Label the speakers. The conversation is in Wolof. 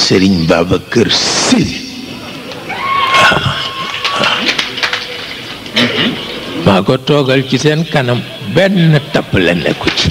Speaker 1: sëriñ Babacar Sy maa ko toogal ci
Speaker 2: seen kanam benn tapp la nekku ci